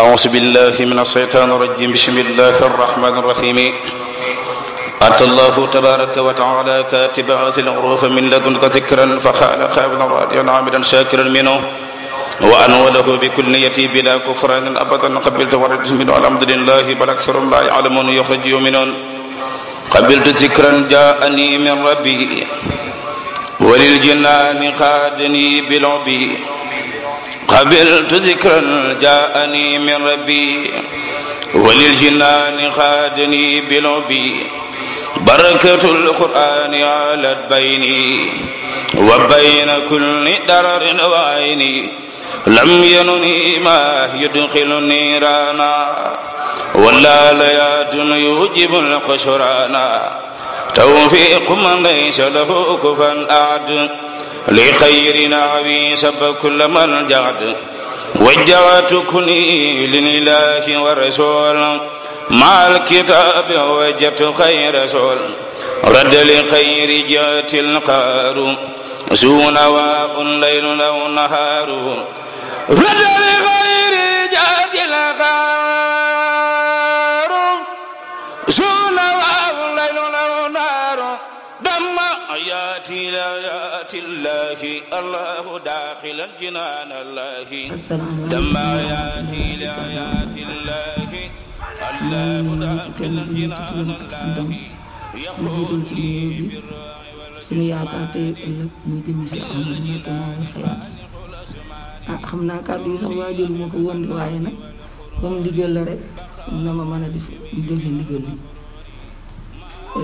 أعوذ بالله من الشيطان الرجيم بسم الله الرحمن الرحيم أتى الله تبارك وتعالى كاتب هذه الحروف من لدنك ذكرا فخال خابنا راضيا عاملا شاكرا منه وأنو له نيتي بلا كفران أبدا قبلت وردت منه الحمد لله بل أكثر لا يعلمون يخرج يؤمنون قبلت ذكرا جاءني من ربي وللجنان خادني بلعبي قبلت ذكرا جاءني من ربي وللجنان خادني بلبي بركة القرآن علت بيني وبين كل درر وعيني لم ينني ما يدخل نيرانا ولا ليات يوجب القشرانا توفيق من ليس له كفا أعد لخير نعوي سب كل من جعد وجعت كني لله ورسول مع الكتاب وجدت خير رسول رد لخير جات القار سون واء ليل او نهار رد لخير إلهي الله داخل الجنان الله لما ياتي لآيات الله الله yaakaar tey ëllëg muy dem si Ahmad Mbacké Maoul Hayaat ah xam naa kàddu yi sax waajur ma ko woon waaye nag comme ndigal la rek na ma mën a def defe ndigal li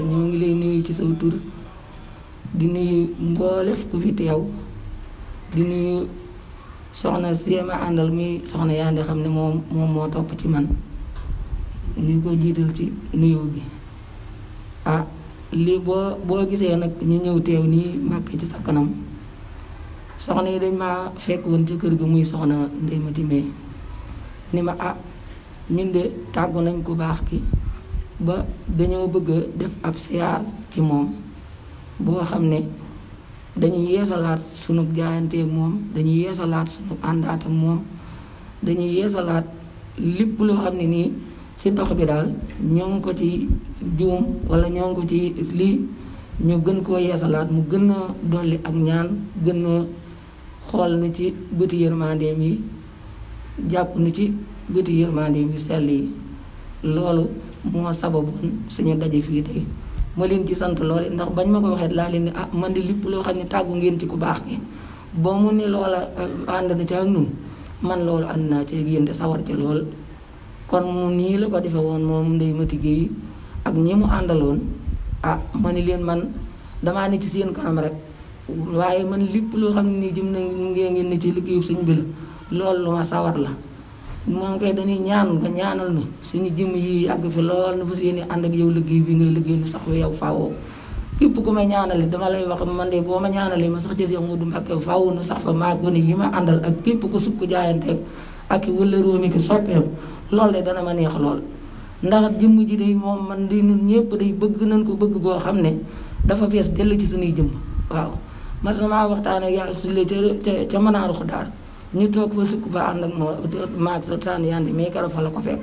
ñoo ngi lay nuyu ci saw tur di nuyu mboolef ku fi teew di nuyu soxna Séema àndal muy soxna yaa ngi xam ne moom moom moo topp ci man ñu ko jiital ci nuyu bi ah lii boo boo gisee nag ñu ñëw teew nii Mbàkke ci sa kanam soxna yi dañ ma fekk woon ci kër ga muy soxna Ndeye ni ma ah ñun de tàggu nañ ko baax ki ba dañoo bëgg a def ab siyaar ci moom. boo xam ne dañuy yeesalaat sunu jaayanteeg moom dañuy yeesalaat sunu àndaat ak moom dañuy yeesalaat lépp loo xam ne nii ci dox bi daal ñoo ngi ko ci juum wala ñoo ngi ko ci lii ñu gën koo yeesalaat mu gën a dolli ak ñaan gën a xool na ci bëti yërmandeem yi jàpp na ci bëti yërmandeem yi sell yi loolu moo sababoon suñu daje fii tey ma leen ci sant loole ndax bañ ma ko waxee laa leen ne ah man de lépp loo xam ne tàggu ngeen ci ku baax gi ba mu ne loola eh, ànd na ci ak nun man loolu ànd naa ci yéen de sawar ci lool kon mu nii la ko defee woon moom ndey ma tiggéey ak ñi mu àndaloon ah ma ne leen man damaa ne ci seen kanam rek waaye man lépp loo xam ne nii jëm na ngeen ngeen ne ci liggéeyub sëñ bi la loolu lu ma sawar la moom kay dañuy ñaan nga ñaanal na suñu jëmm yi yàgg fi lool na fa yéene ànd ak yow liggéey bi ngay liggéey nu sax yow faawoo képp ku may ñaanale dama lay wax man de boo ma ñaanalee ma sax ci Cheikh Modou Mbacké faaw nu sax fa maa gone yi ma àndal ak képp ko sukk jaayanteeg ak wëllëroo mi ki soppeem loolu de dana ma neex lool ndax jëmm ji day moom man day nun ñëpp day bëgg nañ ko bëgg goo xam ne dafa fees dell ci suñuy jëmm waaw mas na maa waxtaan ak yaa sulee ca ca ca daal ñu toog fa sukk fa ànd ak moo maag yandi me karo fa la ko fek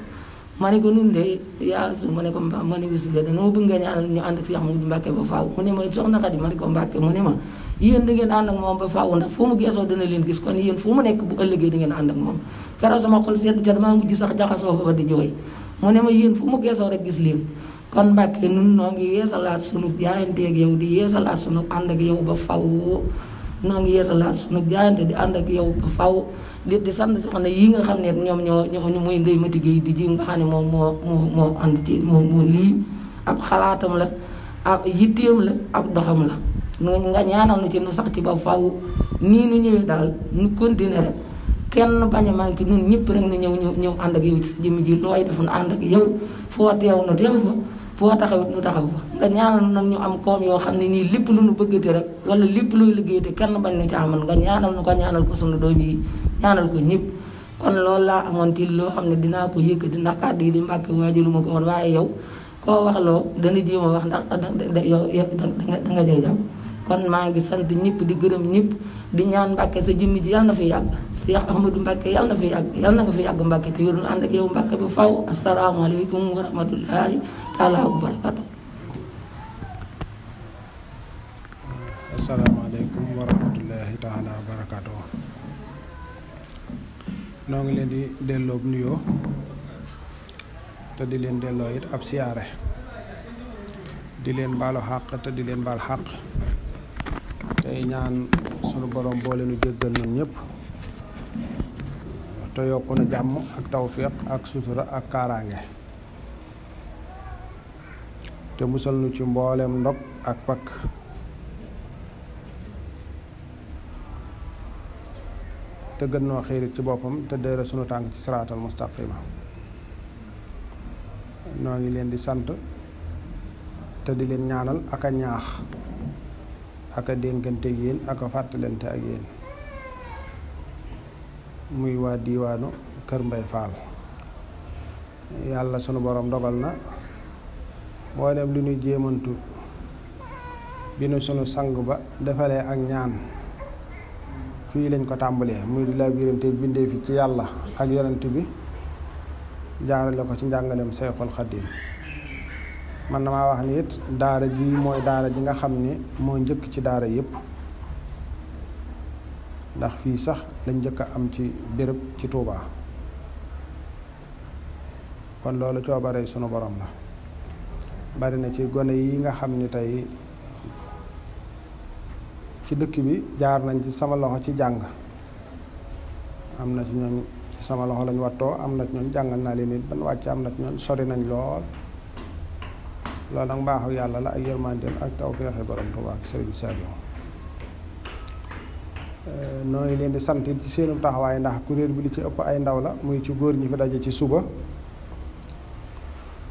ma ko nun de yaa su ne ko ma ne ko si de danoo bëgg nga ñaanal ñu ak si yaxamu mbàkke ba faaw mu ne moy soxna xadi ma ko mbàkke mu ne ma yeen da ngeen and ak mom ba faaw ndax fu mu geso dana leen gis kon yeen fu mu nek bu ëllëgee da ngeen and ak mom karo sama xol sedd ca mu gis sax jaxaso fa ba di joy mu ne ma yeen fu mu geso rek gis leen kon mbàkke nun no ngi yeesalat sunu ak yow di yeesalat sunu and ak yow ba faaw noo ngi yeesalaat sunu jaayante di ànd ak yow ba faw di di sant soxna yi nga xam ne ñoom ñoo ñoo muy ndey ma géey di ji nga xam ne moom moo moo moo lii ab xalaatam la ab yitteem la ab doxam la nu nga ñaanal nu ci nu sax ci ba faw nii nu ñëwee daal nu continuer rek kenn bañ a manqué ñun ñëpp rek na ñëw ñëw ñëw ànd ak yow ci sa jëmm ji looy def nu ànd ak yow foo teew nu teew fa foo taxawit nu taxaw fa nga ñaanal nak ñu am koom yoo xam ne nii lépp lu bëgg bëggati rek wala lépp luy liggéey te kenn bañ ñu ci amal nga ñaanal ñu ko ñaanal ko sunu doom yi ñaanal ko ñëpp kon loolu laa amoon ci loo xam ne dinaa ko yëkkati ndax kàddu yi di mbàkke waaji lu ma ko woon waaye yow koo wax loo dana jéem a wax ndax yow da nga jay jàpp kon maa ngi sant ñëpp di gërëm ñëpp di ñaan mbàkke sa jëmmi ji yàlla na fi yàgg cheikh ahmadou mbàkke yàlla na fi yàgg yàlla na nga fi yàgg mbàkke te wér nu ànd ak yow mbàkke ba faw asalaamaaleykum wa rahmatullahi taala wa barakatuh Assalamualaikum warahmatullahi taala wabarakatuh. barakaatu ngi di delo nuyo te di len delo it ab siare di len balo xàq te di len bal xàq tay ñaan sunu borom bo nu jéggal ñun ñëpp to yokku na jamm ak tawfiq ak sutura ak karange te musal nu ci mbollem ak pak te gënno xéer ci bopam te deere suñu tank ci siratal mustaqima no ngi leen di sante te di leen ñaanal ak a ñaax ak a dénkante ak ak a fàttalante ak yeen muy waa diiwaanu Kër Mbay Faal yàlla sunu borom dogal na boo dem lu ñu jéemantu bi nu sunu sang ba defalee ak ñaan fii lañ ko tàmbalee muy di la birante bindee fi ci yàlla ak yonent bi jaarale ko ci njàngaleem Seexul Xadiim man damaa wax ni daara ji mooy daara ji nga xam ne moo njëkk ci daara yépp ndax fii sax lañ jëkk a am ci béréb ci Tuubaa kon loolu coobare sunu boroom la bari na ci gone yi nga xam ni tey ci dëkk bi jaar nañ ci sama loxo ci jàng am na ci ñoom ci sama loxo lañ wattoo am na ci ñoom jàngal naa leen it ban wàcc am na ci ñoom sori nañ lool loolu nag mbaaxu yàlla la ak yërmandeem ak tawféexi borom Tuubaa ak Sëriñ Saliou euh, nooy leen di sant ci seenu taxawaay ndax kuréel bi li ci ëpp ay ndaw la muy ci góor ñi fi daje ci suba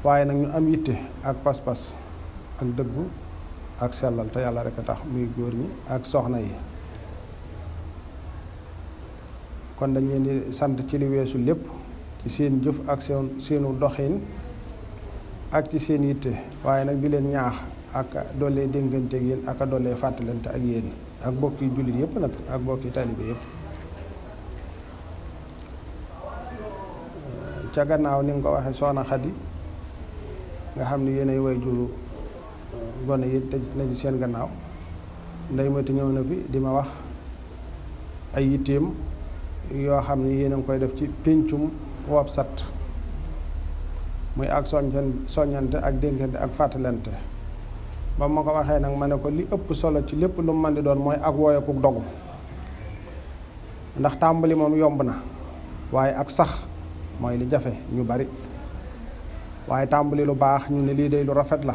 waaye nag ñu am yitte ak pas-pas ak dëggu ak selal te yalla rek a tax muy góor ñi ak soxna yi kon dañ leen di sant ci li wessu lepp ci seen jëf ak seen seenu doxin ak ci seen yitte waye nak di leen ñaax ak dole dénkante ak yéen ak dole fatelante ak yéen ak bokki julit yep nak ak bokki yep gannaaw ni nga waxe soxna Xadi nga xamni Euh, gone yi te nekk seen gannaaw nday mati ñëw na fi di ma wax ay yitteem yoo xam ne yéen a ngi koy def ci péncum wob sat muy ak soññan soññante ak dénkante ak fàttalante ba ma ko waxee nag ma ne ko li ëpp solo ci lépp lu mu mën di doon mooy ak wooyeeku dogu ndax tàmbali moom yomb na waaye ak sax mooy li jafe ñu bari waaye tàmbali lu baax ñu ne lii day lu rafet la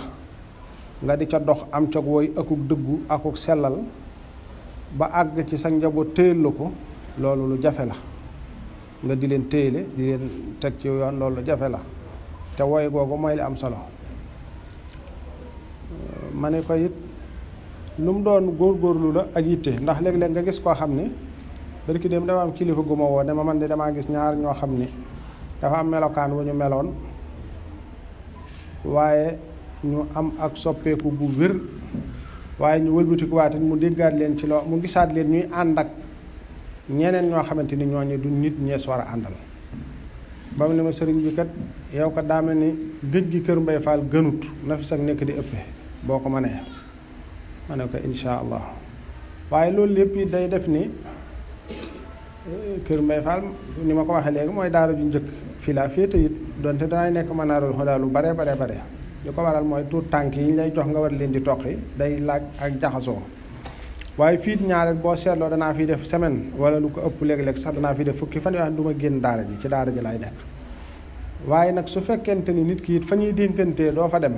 nga di ca dox am ca wooy akuk dëggu akuk sellal ba àgg ci sa njaboot téel la ko loolu lu jafe la nga di leen téele di leen teg ci yoon loolu lu jafe la te woy googu mooy li am solo ma ne ko it lu mu doon góorgóorlu la ak yitte ndax léeg leen nga gis koo xam ni bërki dem dafa am kilifa gu ma woo ne ma man de damaa gis ñaar ñoo xam ni dafa am melokaan wu ñu meloon waaye ñu am ak soppeeku gu wér waaye ñu wëlbatiku waatin mu déggaat leen ci loo mu gisaat leen ñuy ànd ak ñeneen ñoo xamante ni ñooñu du nit ñees war a àndal ba mu ne ma sëriñ bi kat yow ko daame ni géej gi kër mbay faal gënut na fi sax nekk di ëppe boo ko mënee ma ne ko insha allah waaye loolu lépp yi day def ni kër mbay faal ni ma ko waxee léegi mooy daara ju njëkk fii laa féete it donte danay nekk manaarul xodaa lu bare bare bare ñu ko waral mooy tuut tànk yi ñu lay jox nga war leen di toqi day laaj ak jaxasoo waaye fiit ñaareel boo seetloo danaa fi def semaine wala lu ko ëpp léeg-léeg sax danaa fi def fukki fan yoo génn daara ji ci daara laay nekk waaye nag su fekkente ni nit ki it fa ñuy dénkantee doo fa dem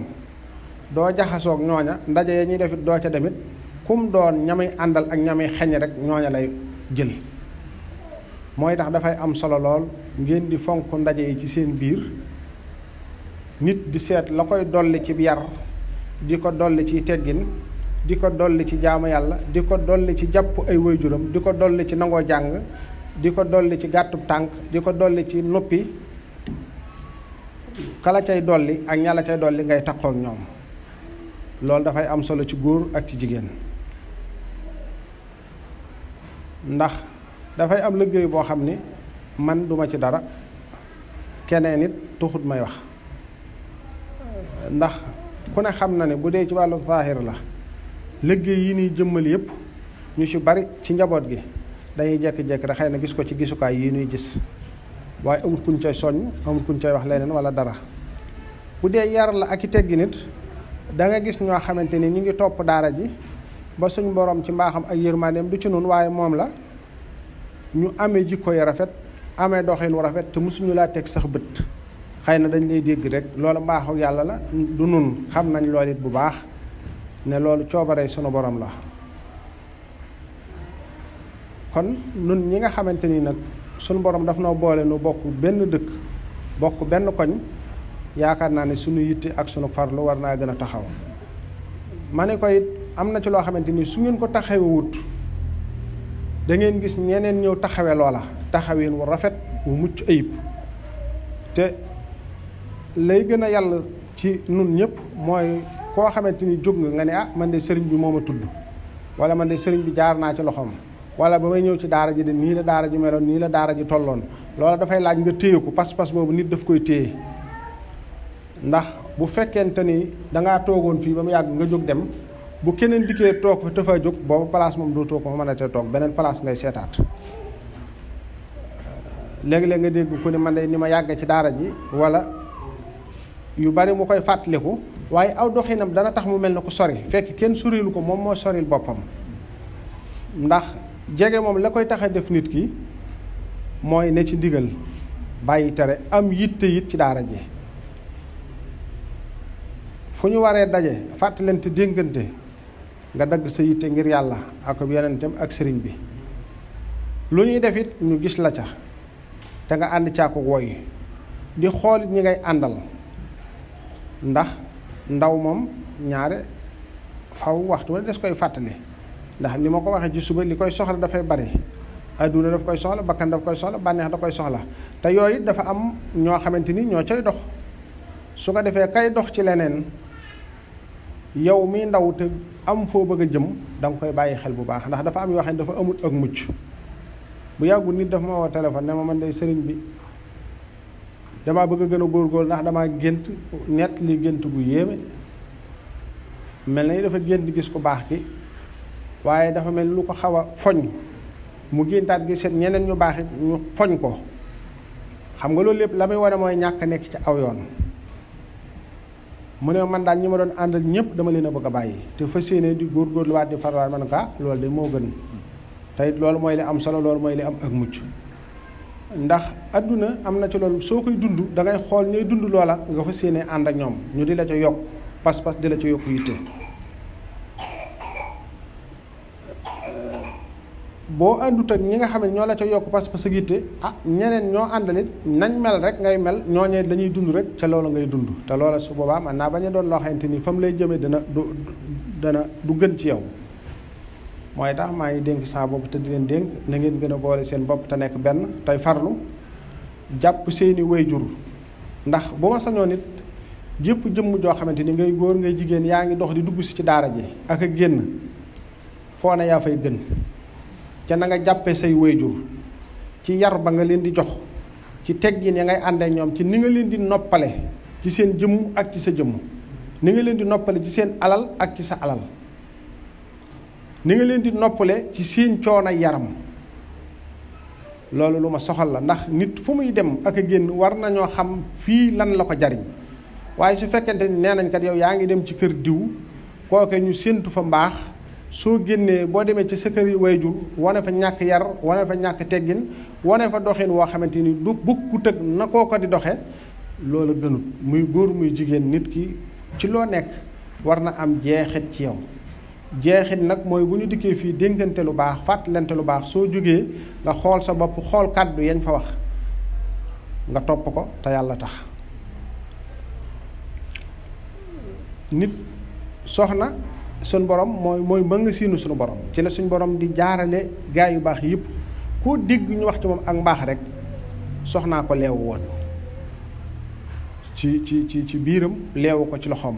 doo jaxasoog ñooña ndaje ya ñuy def it doo ca demit kum doon ñamay àndal ak ñamay xeñ rekk ñooña lay jël mooy tax dafay am solo lool ngeen di fonk ndaje yi ci seen biir nit di seet la koy dolli ci yar di ko dolli ci teggin di ko dolli ci jaamu yàlla di ko dolli ci jàpp ay wayjuram di ko dolli ci nangoo jàng di ko dolli ci gàttub tànk di ko dolli ci noppi kala cay dolli ak ñala cay dolli ngay takkoo ak ñoom loolu dafay am solo ci góor ak ci jigéen ndax dafay am liggéey boo xam ni man duma ci dara keneen tuxut may wax ndax ku ne xam na ne bu dee ci wàllu zaahir la liggéey yi nuy jëmmal yëpp ñu ci bari ci njaboot gi dañuy jekki-jekki rek xëy na gis ko ci gisukaay yi nuy gis waaye amul kuñ cay soññ amul kuñ cay wax leneen wala dara bu dee yar la ak i teggi nit da nga gis ñoo xamante ni ñu ngi topp daara ji ba suñ borom ci mbaaxam ak yërmandeem du ci noonu waaye moom la ñu amee jikko yu rafet amee doxin wu rafet te mosuñu laa teg sax bët xëy na dañ lay dégg rek loolu mbaaxu yàlla la du nun xam nañ lool it bu baax ne loolu coobaree sunu boroom la kon nun ñi nga xamante ni nag sunu borom daf na boole nu bokk benn dëkk bokk benn koñ yaakaar naa ne sunu yitte ak sunu farlu war naa gën a taxaw ma ne ko it am na ci loo xamante ni su ngeen ko taxawee wut da ngeen gis ñeneen ñëw taxawee loola taxawin wu rafet wu mucc ayib te lay gën a yàlla ci nun ñëpp mooy koo xamante ni jóg nga nga ne ah man de sëriñ bi moo ma tudd wala man de sëriñ bi jaar naa ci loxoom wala ba may ñëw ci daara ji de nii la daara ji meloon nii la daara ji tolloon loola dafay laaj nga téye ko pas-pas boobu nit daf koy téye ndax bu fekkente ni dangaa toogoon fii ba mu yàgg nga jóg dem bu keneen dikkee toog fa tëfa jóg boobu place moom dootoo ko mën a toog beneen place ngay seetaat léegi-léeg nga dégg ku ne man de ni ma yàgg ci daara ji yu bari mu koy fàttaliku waaye aw doxinam dana tax mu mel na ku sori fekk kenn sorilu ko moom moo soril boppam ndax jege moom la koy tax def nit ki mooy ne ci ndigal bàyyi tere am yitte yit ci daara ji fu ñu waree daje fàttalante déngante nga dagg sa yitte ngir yàlla ak yonentam ak sëriñ bi lu ñuy def it ñu gis la ca te nga ànd caako woy di xoolit ñi ngay àndal ndax ndaw moom ñaare faw waxtu wala des koy fàttali ndax ni ma ko waxee ci suba li koy soxla dafay bari adduna daf koy soxla bakkan daf koy soxla bànneex da koy soxla te yooyu dafa am ñoo xamante ni ñoo cay dox su ko defee kay dox ci leneen yow mi ndaw te am foo bëgg a jëm da koy bàyyi xel bu baax ndax dafa am yoo xam ne dafa amut ak mucc bu yàggul nit dafa ma woo téléphone ne ma man day sëriñ bi dama bëgg a gën a góorgóorlu ndax dama gént nett li gént bu yéeme mel na dafa gént gis ko baax gi waaye dafa mel lu ko xaw a foñ mu géntaat gi seet ñeneen ñu baax it ñu foñ ko xam nga loolu lépp la muy wane mooy ñàkk nekk ci aw yoon mu ne man daal ñi ma doon àndal ñëpp dama leen a bëgg a bàyyi te fas di góorgóorluwaat di farwaat man ka ah loolu de moo gën tey loolu mooy li am solo loolu mooy li am ak mucc ndax àdduna am na ca loolu soo koy dund da xool ñooy dund loola nga fa séenee ànd ak ñoom ñu di la ca yokk pas-pas di la ca yokk yitte boo àndut ak ñi nga xam ne ñoo la ca yokk pas-pas ak yitte ah ñeneen ñoo àndalit nañ mel rek ngay mel ñoo la ñuy dund rek ca loolu ngay dund te loola su boobaa man naa bañ a doon loo xamante ni fa mu lay jëmee dana du dana du gën ci yow moy tax ma ngi denk sa bopp te di len denk na ngeen gëna boole seen bop ta nek ben tay farlu japp seeni wayjur ndax bu ma sañoon nit jëpp jëm jo xamanteni ngay goor ngay jigen yaangi dox di dugg ci daara ji ak a génn foo na fay gën ca na nga jappé say wayjur ci yar ba nga leen di jox ci teggine ya ngay ande ñom ci ni nga leen di noppale ci seen jëm ak ci sa jëm ni nga leen di noppale ci seen alal ak ci sa alal ni nga leen di noppale ci seen coono yaram loolu lu ma soxal la ndax nit fu muy dem ak a génn war na ñoo xam fii lan la ko jariñ waaye su fekkente ni nee nañ kat yow yaa ngi dem ci kër diw kooke ñu séentu fa mbaax soo génnee boo demee ci sa kër yi wayjur wane fa ñàkk yar wane fa ñàkk teggin wane fa doxin woo xamante ni du bukku tëg na koo ko di doxe loolu gënut muy góor muy jigéen nit ki ci loo nekk war na am jeexit ci yow jeexit nag mooy bu ñu dikkee fii dénkante lu baax fàttalante lu baax soo jógee nga xool sa bopp xool kàddu yañ fa wax nga topp ko te yàlla tax nit soxna suñ borom mooy mooy mën nga siinu suñu borom ci la suñu borom di jaarale gaay yu baax yépp koo dégg ñu wax ci moom ak mbaax rek soxnaa ko leewu woon ci ci ci ci biiram leewu ko ci loxoom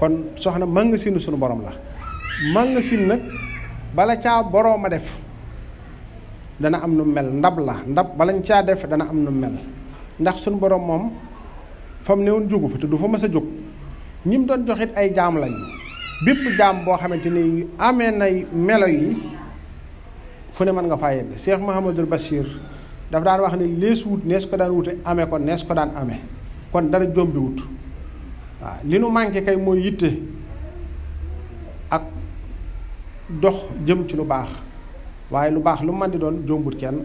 kon soxna mën siinu suñu borom la magasin nak bala ca boroma def dana am nu mel ndab la ndab bala ca def dana am nu mel ndax sun borom mom fam newon jogu fa te du fa ma sa jog ñim doon joxit ay jam lañ bépp jam bo xamanteni amé nay melo yi fu ne nga faa cheikh basir daf daan wax ni les wut nes ko daan wute amé ko nes ko daan amé kon dara jombi wut waaw li kay moy yitte dox jëm ci lu baax waaye lu baax lu man di doon jombut kenn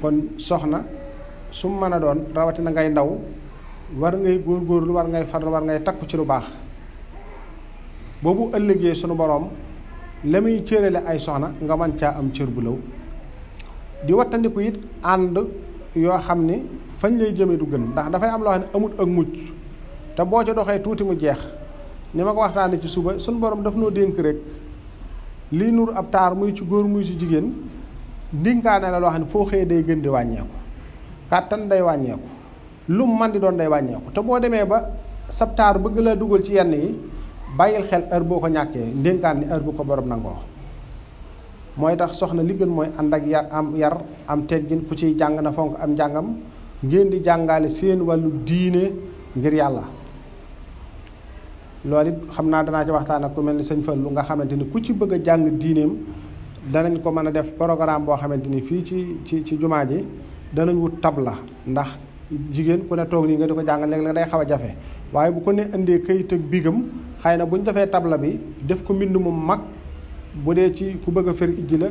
kon soxna su mën a doon rawatina ngay ndaw war ngay góor góor lu war ngay farlu war ngay takku ci lu baax boobu ëllëgee sunu boroom la muy cërale ay soxna nga mën caa am cër bu law di wattandiku it ànd yoo xam ni fañ lay jëmee du gën ndax dafay am loo xam ne amut ak mucc te boo ca doxee tuuti mu jeex ni ma ko waxtaanee ci suba sunu boroom daf noo dénk rek. li nur ab tar muy ci gor muy ci jigéen ndinkaane la lo xane fo xey day gën di wàññeeku katan day wàññeeku lu man di don day wàññeeku te bo demee ba sab tar bëgg la duggal ci yenn yi bayil xel er bu ko ñaké ni heure bu ko borom nango moy tax soxna li gën moy andak yar am yar am teggin ku ci jang na fonk am jangam ngeen di jangale seen walu diine ngir yalla loolu it xam naa danaa ci waxtaan ak ku mel ni sëñ Fallu nga xamante ni ku ci bëgg a jàng diineem danañ ko mën a def programme boo xamante ni fii ci ci ci jumaa ji danañ wut tabla ndax jigéen ku ne toog nii nga di ko jàngal léeg-léeg day xaw a jafe waaye bu ko ne indee kayit ak bigam xëy na bu defee tabla bi def ko mbind mu mag bu dee ci ku bëgg a fër ijji la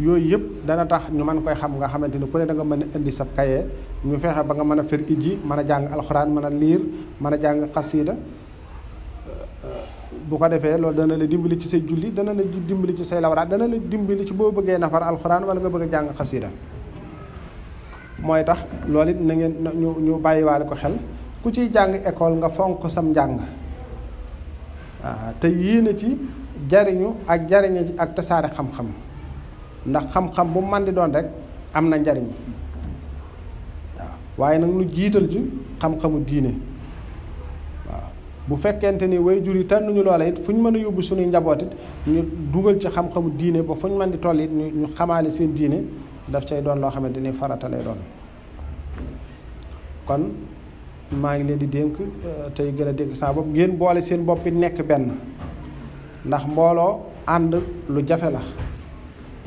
yooyu yëpp dana tax ñu mën koy xam nga xamante ni ku ne da nga mën a indi sab kaye ñu fexe ba nga mën fër ijji mën a jàng alxuraan mën a mën bu ko defee loolu dana la dimbali ci say julli dana la dimbali ci say lawraat dana la dimbali ci boo bëggee nafar alxuraan wala nga bëgg a jàng xasida mooy tax loolu it na ngeen ñu ñu bàyyiwaale ko xel ku ciy jàng école nga fonk sam njàng waaw ah, te yéene ci jariñu ak jariñe ci ak tasaare xam-xam ndax xam-xam bu man di doon rek am na njariñ waaw waaye nag lu jiital ci xam-xamu diine bu fekkente ni way jur yi tànnuñu loola it fu ñu mën a yóbbu suñuy njaboot ñu dugal ci xam-xamu diine ba fu ñu mën di toll it ñu xamaa xamaale seen diine daf cay doon loo xamante ni farata lay doon kon maa ngi leen di dénk euh, tey gën a dénk saa bopp ngeen boole seen bopp nekk benn ndax mbooloo ànd lu jafe la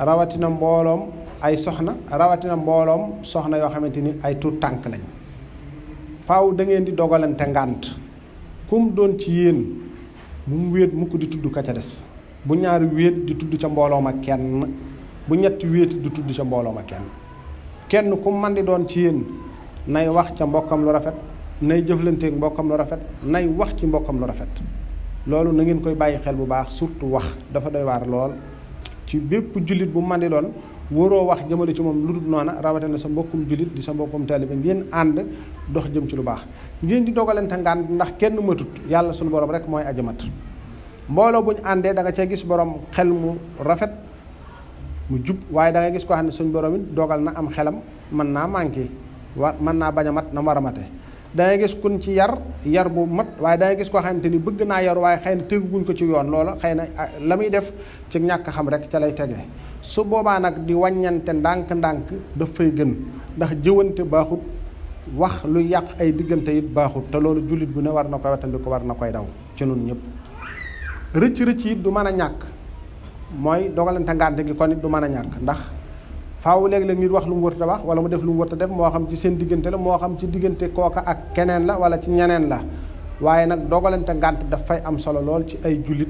rawatina mbooloom ay soxna rawatina mbooloom soxna yoo xamante ni ay tuut tànk lañ faaw da ngeen di dogalante ngànt kum doon ci yéen bu mu wéet mukk di tudd ka ca des bu ñaari wéet di tudd ca mbooloo ma kenn bu ñetti wéet di tudd ca mbooloo ma kenn kenn ku man di doon ci yéen nay wax ca mbokkam lu rafet nay jëflanteeg mbokkam lu rafet nay wax ci mbokkam lu rafet loolu na ngeen koy bàyyi xel bu baax surtout wax dafa doy waar lool ci bépp jullit bu man di doon waroo wax jëmale ci moom lu dul noona rawatina sa mbokkum jullit di sa mbokkum taalibe ngeen ànd dox jëm ci lu baax ngeen di dogalante ngànt ndax kenn matut yàlla suñu borom rek mooy ajamat mat mbooloo buñ àndee da nga cee gis borom xel mu rafet mu jub waaye da gis koo xam ne suñu borom it dogal na am xelam mën naa manqué wa mën naa bañ a mat na mu war a mate dangay gis kun ci yar yar bu mat waaye dangay gis koo xamante ni bëgg naa yar waaye xëy na guñ ko ci yoon loola xëy na ah, la muy def ci ñàkk xam rek ca lay tege su boobaa nag di wàññante ndànk-ndànk daf fay gën ndax jëwante baaxut wax lu yàq ay diggante it baaxut te loolu jullit bu ne war na koy wattandiku war na koy daw ci nun ñëpp rëcc rëcc it du mën a ñàkk mooy dogalante ngànte gi kon it du mën a ñàkk ndax faaw leg leg nit wax lu mu wërta wax wala mu def lu mu wërta def moo xam ci seen diggante la moo xam ci diggante kooka ak keneen la wala ci ñeneen la waaye nag dogalante ngànt daf fay am solo lool ci ay julit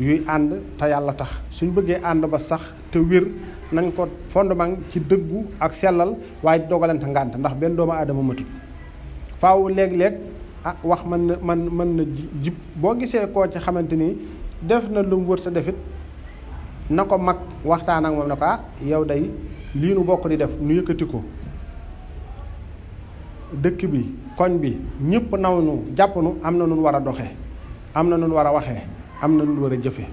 yuy ànd te yàlla tax suñ bëggee ànd ba sax te wér nañ ko fondement ci dëggu ak sellal waaye dogalante ngànt ndax benn doomu aadama matut faaw leg leg ah wax man man man na jib boo gisee koo ci xamante ni def na lu mu wërta defit na ko mag waxtaan ak moom ne ko ah yow day lii nu bokk di def nu yëkkati ko dëkk bi koñ bi ñëpp naw nu jàpp nu am na nun war a doxe am na nun war a waxee am na nun war a jëfe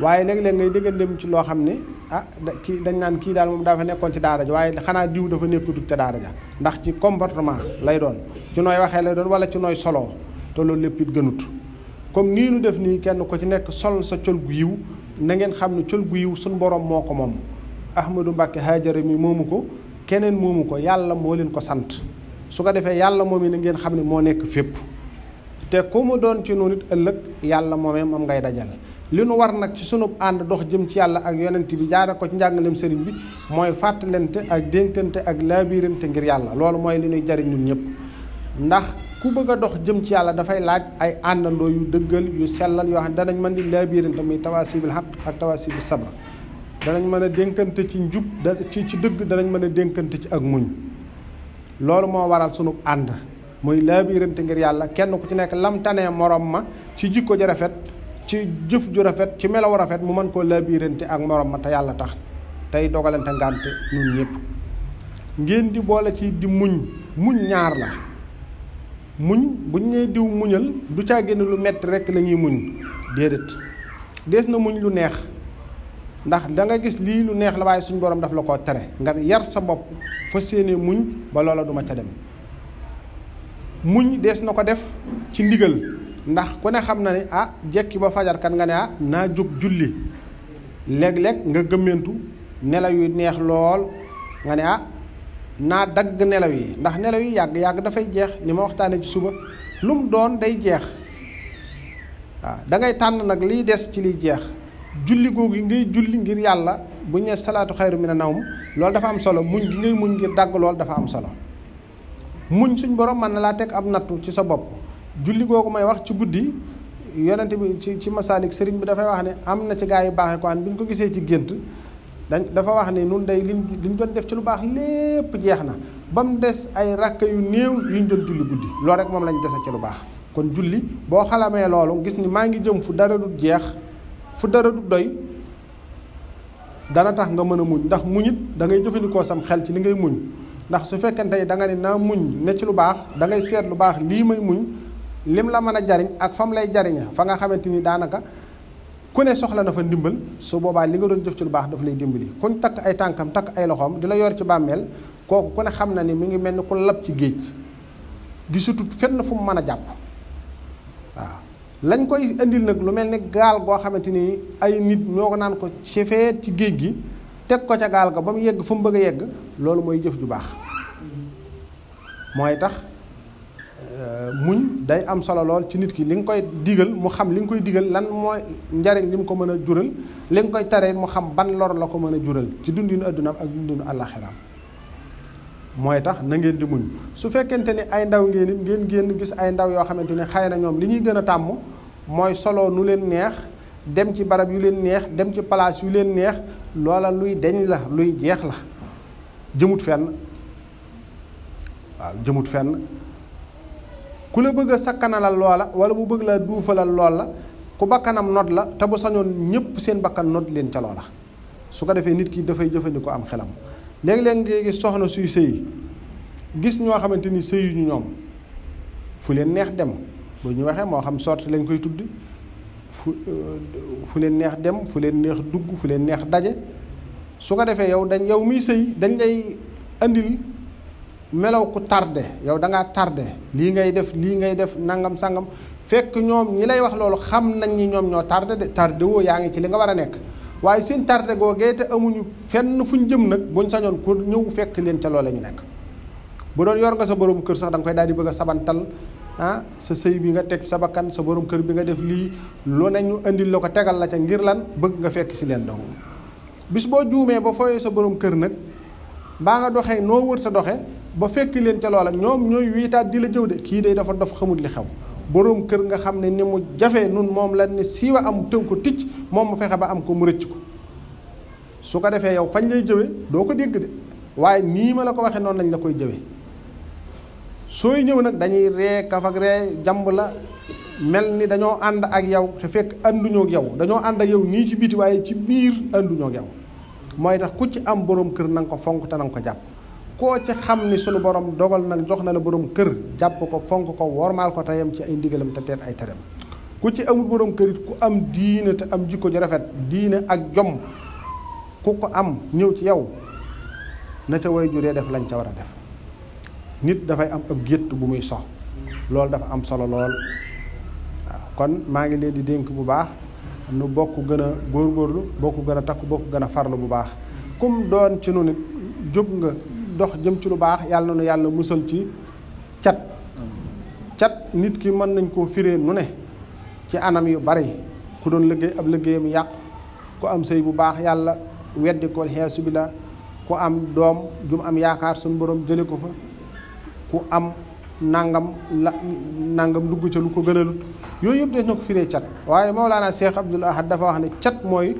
waaye léeg-léeg ngay dégg dem ci loo xam ne ah kii dañ naan kii daal moom dafa nekkoon ci daara ja waaye xanaa diw dafa nekkatut ca daara ja ndax ci comportement lay doon ci nooy waxee lay doon wala ci nooy soloo te loolu lépp it gënut comme nii nu def nii kenn ko ci nekk sol sa col gu yiw na ngeen xam ne col gu yiw suñu borom moo ko moom Ahmadou Mbacke Haajara mi moomu ko keneen moomu ko yàlla moo leen ko sant su ko defee yàlla moom na ngeen xam ne moo nekk fépp te ku mu doon ci noonu it ëllëg yàlla moomee moom ngay dajal li nu war nag ci sunub ànd dox jëm ci yàlla ak yonent bi jaara ko ci njàngaleem sëriñ bi mooy fàttalente ak dénkante ak laabirante ngir yàlla loolu mooy li ñuy jariñ ñun ñëpp ndax ku bëgg a dox jëm ci yàlla dafay laaj ay àndandoo yu dëggal yu sellal yoo xam ne danañ mën di laabirante muy tawaasibil xaq ak tawaasibil sabr danañ mën a dénkante ci njub da ci ci dëgg danañ mën a ci ak muñ loolu moo waral sunu ànd muy laabirante ngir yàlla kenn ku ci nekk lam tanee morom ma ci jikko ju rafet ci jëf ju rafet ci melaw rafet mu mën koo laabirante ak morom ma te yàlla tax tey dogalante ngànte ñun ñëpp ngeen di boole ci di muñ muñ ñaar la muñ buñ nee diw muñal du caa génn lu metti rek la muñ déedéet na muñ lu neex ndax da gis lii lu neex la waaye suñu borom daf la koo tere nga yar sa bopp fa séenee muñ ba loola duma ca dem muñ dees na ko def ci ndigal ndax ku ne xam na ne ah jekki ba fajar kan nga ne ah naa jóg julli léeg-léeg nga gëmmentu nelaw yu neex lool nga ne ah naa dagg nelaw yi ndax nelaw yi yàgg-yàgg dafay jeex ni ma waxtaanee ci suba lu mu doon day jeex waa dangay tànn nag liy des ci liy jeex julli googu ngay julli ngir yàlla bu salaatu nee salaatu xayru naw nawm loolu dafa am solo muñ gi ngay muñ ngir dàgg lool dafa am solo muñ suñ borom mën na laa teg ab nattu ci sa bopp julli googu may wax ci guddi yonent bi ci ci masaalik sëriñ bi dafay wax ne am na ci gaa yu baaxee ko an bi ñu ko gisee ci gént dañ dafa wax ne nun day li ñu doon def ci lu baax lépp jeex na ba mu des ay rakk yu néew yu ñu doon julli guddi loolu rek moom lañ dese ci lu baax kon julli boo xalamee loolu gis ni maa ngi jëm fu dara du jeex fu dara du doy dana tax nga mën a muñ ndax muñit da ngay jëfandikoo sam xel ci li ngay muñ ndax su fekkente ni da nga ne naa muñ ne ci lu baax da ngay seet lu baax lii may muñ lim la mën a jariñ ak fam lay jariñe fa nga xamante ni daanaka ku ne soxla na fa ndimbal su boobaa li nga doon jëf ci lu baax daf lay dimbali kuñ takk ay tànkam takk ay loxoom di la yor ci bàmmeel kooku ku ne xam na ni mi ngi mel ni ku lab ci géej gisutut fenn fu mu mën a lañ koy indil nag lu mel ni gaal goo xamante ni ay nit ñoo ko naan ko cefee ci géej gi teg ko ca gaal ga ba mu yegg fa mu bëgg a yegg loolu mooy jëf ju baax mooy tax euh, muñ day am solo lool ci nit ki li nga koy digal mu xam li nga koy digal lan mooy njariñ li mu ko mën a jural li nga koy taree mu xam ban lor la ko mën a jural ci dundinu àddunaam ak dundinu àllaaxiraam mooy tax na ngeen di muñ su fekkente ni ay ndaw ngeen it ngeen génn gis ay ndaw yoo xamante ni xëy na ñoom li ñuy gën a tàmm mooy solo nu leen neex dem ci barab yu leen neex dem ci place yu leen neex loola luy deñ la luy jeex la jëmut fenn waaw jëmut fenn ku la bëgg sakkanalal loola wala mu bëgg laa duufalal loola ku bakkanam not la te bu sañoon ñëpp seen bakkan not leen ca loola su ko defee nit ki dafay jëfandikoo am xelam. léeg leen léegi gis soxna suy sëy gis ñoo xamante ni sëyuñu ñoom fu leen neex dem bu ñu waxee moo xam sorte lañ koy tudd fu euh, fu leen neex dem fu leen neex dugg fu leen neex daje su ko defee yow dañ yow miy sëy dañ lay andil melaw ku tardé yow da ngaa tardé lii ngay def lii ngay def nangam sangam fekk ñoom ñi lay wax loolu xam nañ ñi ñoom ñoo tardé de tardé woo yaa ngi ci li nga war a nekk. waaye seen tardé googee te amuñu fenn fuñ jëm nag buñ sañoon ku ñëw fekk leen ca loola ñu nekk bu doon yor nga sa borom kër sax danga koy daal di bëgg a sabantal ah sa sëy bi nga teg sa bakkan sa borom kër bi nga def lii lu ne ñu indil la ko tegal la ca ngir lan bëgg nga fekk si leen dong bis boo juumee ba fooyee sa borom kër nag baa nga doxee noo wër ta doxe ba fekk leen ca loola ñoom ñooy wiitaat di la jëw de kii dey dafa dof xamul li xew boroom kër nga xam ne ni mu jafe nun moom lan ne siiwa am tënk ko ticc moom mu fexe ba am ko mu rëcc ko su ko defee yow fañ lay jëwe doo ko dégg de waaye nii ma la ko waxee noonu lañ la koy jëwe sooy ñëw nag dañuy ree kaf ree jàmb la mel ni dañoo ànd ak yow te fekk ànduñoo ak yow dañoo ànd ak yow nii ci biti waaye ci biir ànduñoo ak yow mooy tax ku ci am boroom kër na ko fonk te na nga ko jàpp koo ci xam ni sunu borom dogal nag jox na la boroom kër jàpp ko fonk ko wormaal ko teyam ci ay ndigalam te teet ay teram ku ci amul boroom kër ku am diine te am jikko ju rafet diine ak jom ku ko am ñëw ci yow na ca way juree def lañ ca war a def nit dafay am ab gétt bu muy sox loolu dafa am solo lool kon maa ngi leen di dénk bu baax nu bokk gën a góorgóorlu bokk gën a takku bokk gën a farlu bu baax kum doon ci nu nit jub nga dox jëm ci lu baax yàlla na nu yàlla musal ci cat cat nit ki mën nañ koo fire nu ne ci anam yu bari ku doon liggéey ab liggéeyam yàqu ku am sëy bu baax yàlla weddi ko xeesu bi la ku am doom ju am yaakaar suñu borom jële ko fa ku am nangam la nangam dugg ca lu ko gënalut yooyu yëpp des na ko firee cat waaye Mawlaana Cheikh Abdoul Ahad dafa wax ne cat mooy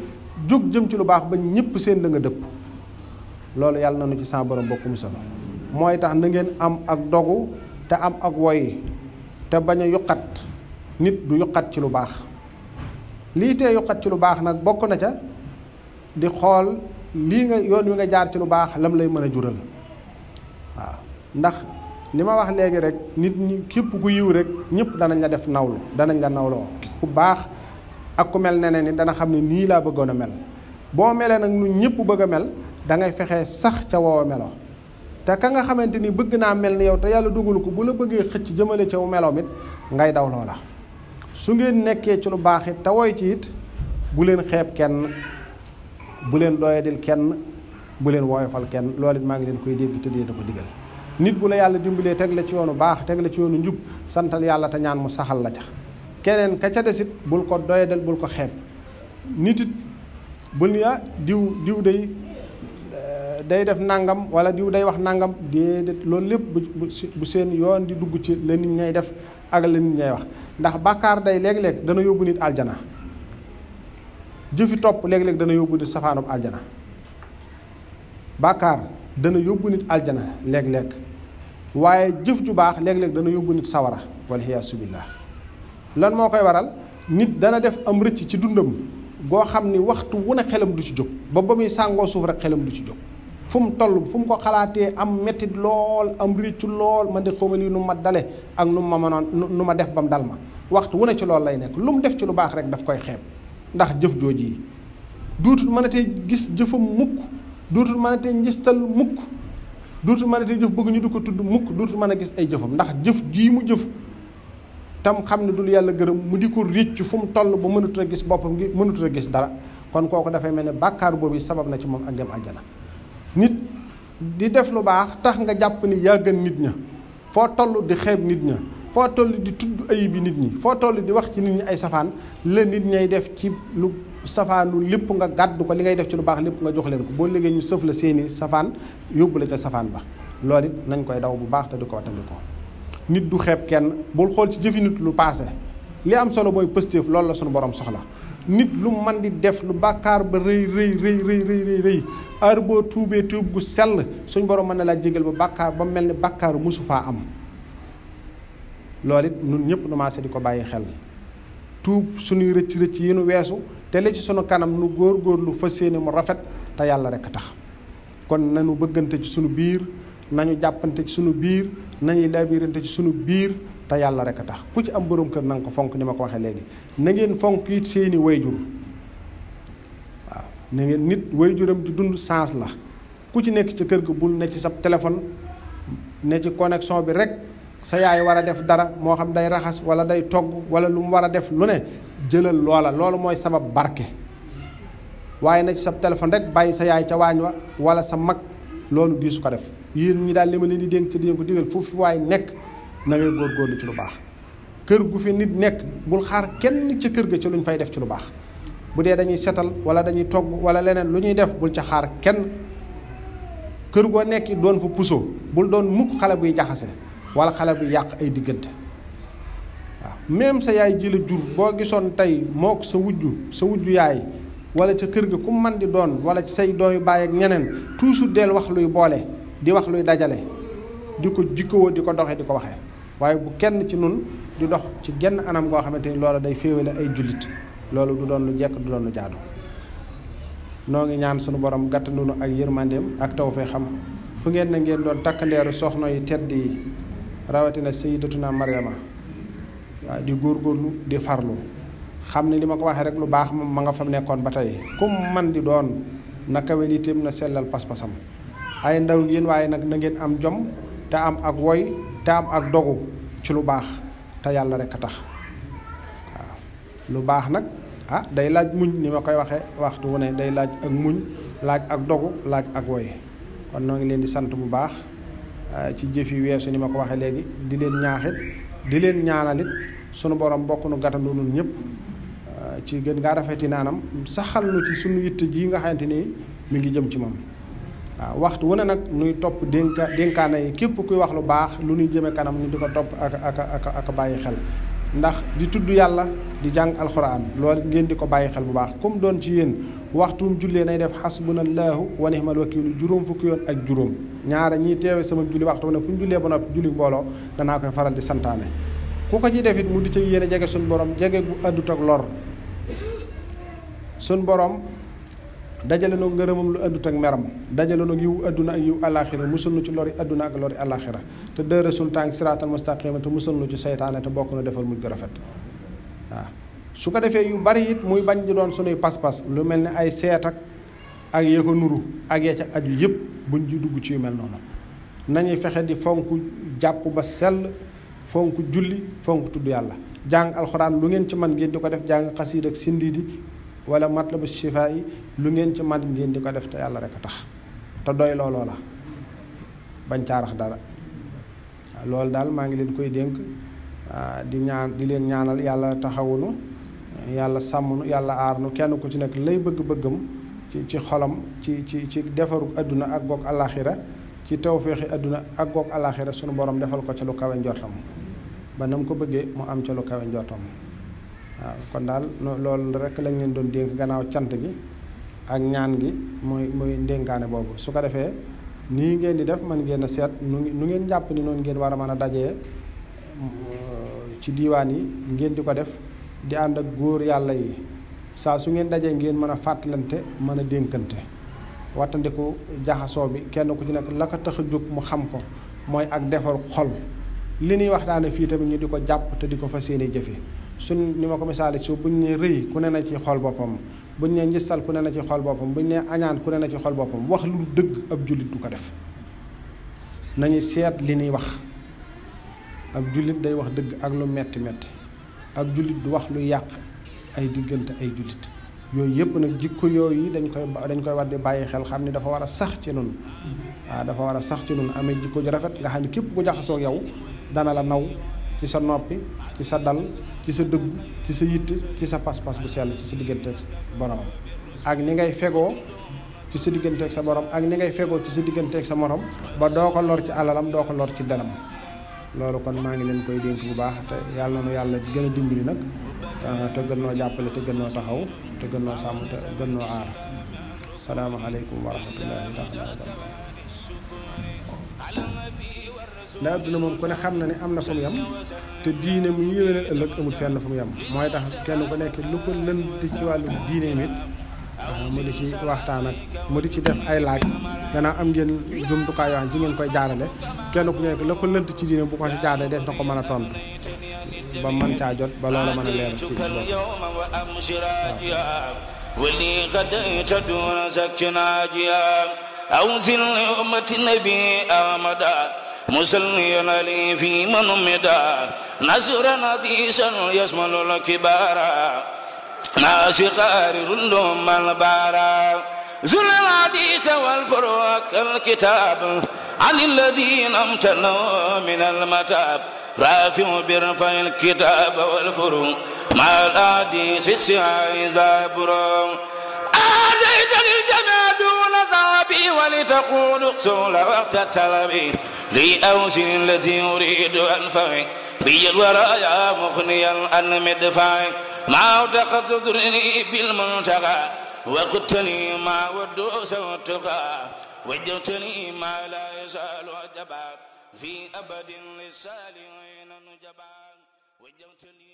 jóg jëm ci lu baax ba ñëpp seen la nga dëpp loolu yàlla na nu ci sa borom bokk musal mooy tax na ngeen am ak dogu te am ak woy te bañ a yuqat nit du yuqat ci lu baax lii tee yuqat ci lu baax nag bokk na ca di xool lii nga yoon wi nga jaar ci lu baax lam lay mën a jural waaw ndax li ma wax léegi rek nit ñi képp ku yiw rek ñépp danañ la def nawlu danañ la nawloo ku baax ak ku mel neneen ni dana xam ne nii laa bëggoon a mel boo melee nag nu ñëpp bëgg a mel da ngay fexe sax ca woowa melo te ka nga xamante ni bëgg naa mel ni yow te yàlla dugalu ko bu la bëggee xëcc jëmale ca melow mit ngay daw loola su ngeen nekkee ci lu baax it te woy ci it bu leen xeeb kenn bu leen doyadil kenn bu leen woyofal kenn loolu it maa ngi leen koy dégg te dee nit bu la yàlla dimbalee teg la ci yoonu baax teg la ci yoonu njub santal yàlla te ñaan mu saxal la ca keneen ka ca desit bul ko doyadal bul ko xeeb nit it bul ya ah, diw diw day day def nangam wala diw day wax nangam déedéet loolu lépp bu bu seen yoon di dugg ci la nit ñay def ak la nit ñay wax ndax bàkkaar day léeg-léeg dana yóbbu nit aljana jëfi topp léeg-léeg dana yóbbu nit safaanub aljana bàkkaar dana yóbbu nit aljana léeg-léeg waaye jëf ju baax léeg-léeg dana yóbbu nit sawara walxiyaasu billaah lan moo koy waral nit dana def am rëcc ci dundam goo xam ni waxtu wu ne xelam du ci jóg ba ba muy sàngoo suuf rek xelam du ci jóg fu mu toll fu mu ko xalaatee am mettit lool am riccu lool man de xawma lii nu ma dale ak nu ma mënoon nu ma def ba mu dal ma waxtu wu ne ci loolu lay nekk lu mu def ci lu baax rek daf koy xeeb ndax jëf jooju yi duutul mën a tey gis jëfam mukk duutul mën a tey njistal mukk duutul mën a tey jëf bëgg ko tudd mukk duutul mën a gis ay jëfam ndax jëf jii mu jëf tam xam ne dul yàlla gërëm mu di ko ricc fu mu toll ba mënut a gis boppam gi mënut a gis dara kon kooku dafay mel ne bàkkaar boobu sabab na ci moom ak dem àjjana nit di def lu baax tax nga jàpp ni yaa nit ña foo toll di xeeb nit ña foo toll di tudd ayib bi nit ñi foo toll di wax ci nit ñi ay safaan la nit ñay def ci lu safaanu lépp nga gàddu ko li ngay def ci lu baax lépp nga jox leen ko boo léegi ñu sëf la seeni safaan yóbbu la ca safaan ba loolu it nañ koy daw bu baax te di ko watandikoo nit du xeeb kenn bul xool ci jëfi nit lu paase li am solo mooy pëstéef loolu la suñu borom soxla nit lu man di def lu bàkkaar ba rëy rëy rëy rëy rëy rëy tuubee tuub gu sell suñ borom mën na laa jégal ba bàkkaar ba mel ni bàkkaaru mosu faa am loolu it ñun ñëpp commencé di ko bàyyi xel tuub suñuy rëcc rëcc yi nu weesu te li ci sunu kanam nu góor góor lu fas yéene mu rafet te yàlla rek tax kon nañu bëggante ci sunu biir nañu jàppante ci sunu biir nañuy labirante ci sunu biir te yàlla rek a tax ku ci am boroom kër nanga ko fonk ni ma ko waxee léegi na ngeen fonk it seeni way wayjur waaw na ngeen nit juram di dund sens la ku ci nekk ci kër ga bul ne ci sab téléphone ne ci connexion bi rek sa yaay war a def dara moo xam day raxas wala day togg wala lu mu war a def lu ne jëlal loola loolu mooy sabab barke waaye na ci sa téléphone rek bàyyi sa yaay ca waañ wa wala sa mag loolu gisu ko def yéen ñi daal li ma leen di dénk ci di ko digal nekk na ngay góorgóorlu ci lu baax kër gu fi nit nekk bul xaar kenn ca kër ga ci luñ fay def ci lu baax bu dee dañuy setal wala dañuy togg wala leneen lu ñuy def bul ca xaar kenn kër goo nekki doon fa puso bul doon mukk xale buy jaxase wala xale buy yàq ay diggante waaw même sa yaay ji la jur boo gisoon tey mook sa wujju sa wujju yaay wala ca kër ga ku man di doon wala ci say dooyu baay ak ñeneen toujours del wax luy boole di wax luy dajale di ko jikkowoo di ko doxee di ko waxee waye bu kenn ci nun di dox ci genn anam go xamanteni ni day féewale ay julit loolu du doon lu jekk du doon lu jaadu noo ngi ñaan sunu borom gàttandunu ak yërmandeem ak taw fee xam fu ngeen na ngeen doon takkandeeru soxna yi tedd yi rawatina sayidatuna maryama waaw di góorgóorlu di farlu xam ne li ma ko waxee rek lu baax moom ma nga fam nekkoon ba kum man di doon na kawelitim na sellal pas-pasam ay ndaw ngeen waaye nag na ngeen am jom te am ak woy te am ak dogu ci lu baax te yàlla rek a tax lu baax nag ah day laaj muñ ni ma koy waxee waxtu wu ne day laaj ak muñ laaj ak dogu laaj ak woy kon noo ngi leen di sant bu baax eh, ci jëf yi weesu ni ma ko waxee léegi di leen ñaaxit di leen ñaanalit sunu borom bokk nu gàttandu noonu ñëpp eh, ci gën ngaa rafeti naanam saxal nu ci sunu yitte ji nga xamante ni mu ngi jëm ci moom waaw waxtu wu ne nag nuy topp dénka dénkaane yi képp kuy wax lu baax lu nuy jëme kanam ñu di ko topp ak ak ak ak bàyyi xel ndax di tudd yàlla di jàng alxuraan loolu ngeen di ko bàyyi xel bu baax comme doon ci yéen waxtum jullee nay def na xasbunallaahu wa nihmal wakiilu juróom fukki yoon ak juróom ñaara ñiy teewee sama julli waxtu ne fu ñu jullee ba noppi julli mbooloo danaa koy faral di santaane ku ko ci it mu di ci yéen a jege suñu borom jege gu àddut ak lor suñ borom dajale noo ngërëmam lu addut ak meram dajale noo yiw adduna ak yiw alaxira musal nu ci lori adduna ak lori alaxira te dë résultat siraatal mustaqima te musal nu ci seytaane te bokk na defal mujj rafet waaw su ko defee yu bari it muy bañ di doon sunuy pas-pas lu mel ni ay seet ak ak yee ko nuru ak yee ca aju yëpp buñ ci dugg ci mel noonu nañuy fexe di fonk jàpp ba sell fonk julli fonk tudd yàlla jàng alxuraan lu ngeen ci man ngeen du ko def jàng xasiid ak sindi di wala matlabu shifaa yi lu ngeen ci man ngeen di ko def te yàlla rek a tax te doy looloo la bañ caarax dara waaw loolu daal maa ngi leen koy dénk ah, di ñaan di leen ñaanal yàlla taxawunu yàlla sàmm yàlla aar aarnu kenn ku ci nekk lay bëgg-bëggam ci ci xolam ci ci ci defaru àdduna ak goog alaxira ci tawféexi àdduna ak goog alaxira sunu borom defal ko ca lu kawe njortam ba na ko bëggee mu am ca lu kawe njortam waaw kon daal loolu rekk la leen doon dénk gannaaw cant gi ak ñaan gi mooy mooy ndénkaane boobu su ko defee nii ngeen di def man ngeen a seet nu nu ngeen jàpp ni noonu ngeen war a mën a dajee euh, ci diiwaan yi ngeen di ko def di ànd ak góor yàlla yi saa su ngeen dajee ngeen mën a fàttalante mën a dénkante wattandiku jaxasoo bi kenn ku ci nekk la ko tax a jóg mu xam ko mooy ak defar xol li ñuy waxtaane fii tamit ñu di ko jàpp te di ko fa yéene jëfe suñ ñu ma ko misaale ci buñ nee rëy ku ne na ci xool boppam buñ ne njistal ku ne na ci xool boppam buñ nee añaan ku ne na ci xool boppam wax lu dëgg ab jullit du ko def nañu seet li nuy wax ab jullit day wax dëgg ak lu metti metti ab jullit du wax lu yàq ay diggante ay jullit yooyu yëpp nag jikko yooyu dañ koy dañ koy war di bàyyi xel xam ni dafa war a sax ci nun waaw dafa war a sax ci nun amee jikko ju rafet nga xam ne képp ku jaxasoo yow dana la naw ci sa noppi ci sa ci sa dëgg ci sa yitt ci sa pass pass bu sel ci sa digënté ak boromam ak ni ngay fego ci sa digënté ak sa borom ak ni ngay fego ci sa digënté ak sa morom ba do ko lor ci alalam do ko lor ci dalam lolu kon ma ngi len koy denk bu baax te yalla na yalla ci gëna dimbali nak ah, te gëna jappalé te gëna taxaw te gëna sam te gëna noo assalamu alaykum wa rahmatullahi wa barakatuh ndax adduna moom ku xam na ne am na fa mu yem te diine mu ñu yéwénal ëllëg amul fenn fa mu yem mooy tax kenn ku nekk lu ko lënd ci wàllu diine mit mu di ci waxtaan ak mu di ci def ay laaj gannaaw am ngeen jumtukaay yoo xam ci ngeen koy jaarale kenn ku nekk la ko lënt ci diine bu ko si jaarale def na ko mën a tontu ba mën caa jot ba loola mën a leer ci bopp. aw مسلمي لي في من مدا نصرا عزيزا يسمع الكبارا ناسقا لهم البارا زل الحديث والفروق الكتاب عن الذين امتنوا من المتاب رافع برفع الكتاب والفروق مع الحديث السعي ذا برام ولتقول اقتل وقت التلبي لي أوزن الذي يريد أنفعي بي الورى يا مغنيا أن مدفعي ما أعتقد ذرني بالمنتقى وقتني ما ود سوتقى وجدتني ما لا يزال عجبا في أبد للسالمين نجبا وجدتني